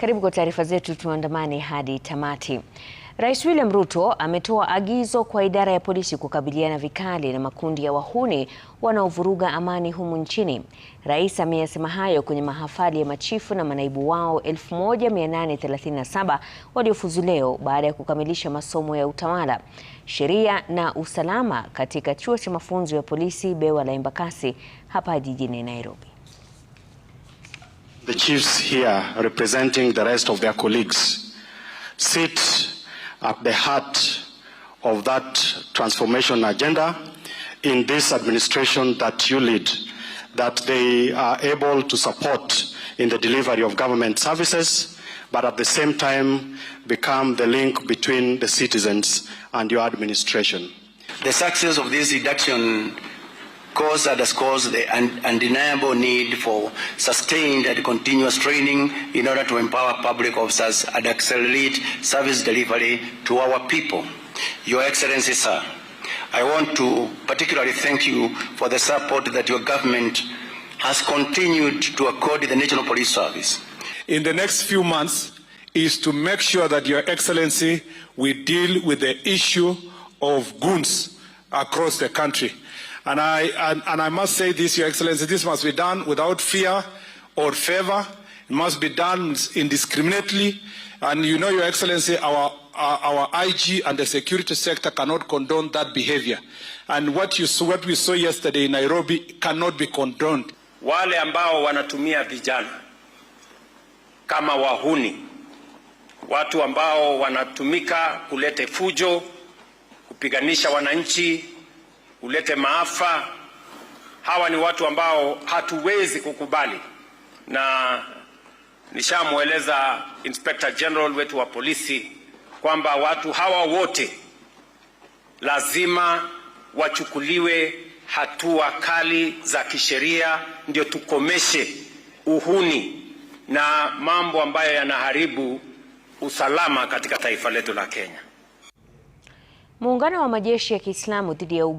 Karibu kwa taarifa zetu, tuandamane hadi tamati. Rais William Ruto ametoa agizo kwa idara ya polisi kukabiliana vikali na makundi ya wahuni wanaovuruga amani humu nchini. Rais ameyasema hayo kwenye mahafali ya machifu na manaibu wao 1837 waliofuzu leo baada ya kukamilisha masomo ya utawala, sheria na usalama katika chuo cha mafunzo ya polisi Bewa la Embakasi hapa jijini Nairobi the chiefs here representing the rest of their colleagues sit at the heart of that transformation agenda in this administration that you lead, that they are able to support in the delivery of government services, but at the same time become the link between the citizens and your administration. The success of this reduction course underscores the undeniable need for sustained and continuous training in order to empower public officers and accelerate service delivery to our people. Your Excellency, sir, I want to particularly thank you for the support that your government has continued to accord the National Police Service. In the next few months is to make sure that Your Excellency will deal with the issue of goons across the country. And I, and, and I must say this, Your Excellency, this must be done without fear or favor. It must be done indiscriminately. And you know, Your Excellency, our, our, our IG and the security sector cannot condone that behavior. And what, you saw, what we saw yesterday in Nairobi cannot be condoned. Wale ambao wanatumia vijana kama wahuni, watu ambao wanatumika kulete fujo, kupiganisha wananchi ulete maafa. Hawa ni watu ambao hatuwezi kukubali, na nishamweleza Inspector General wetu wa polisi kwamba watu hawa wote lazima wachukuliwe hatua kali za kisheria, ndio tukomeshe uhuni na mambo ambayo yanaharibu usalama katika taifa letu la Kenya. Muungano wa majeshi ya Kiislamu dhidi ya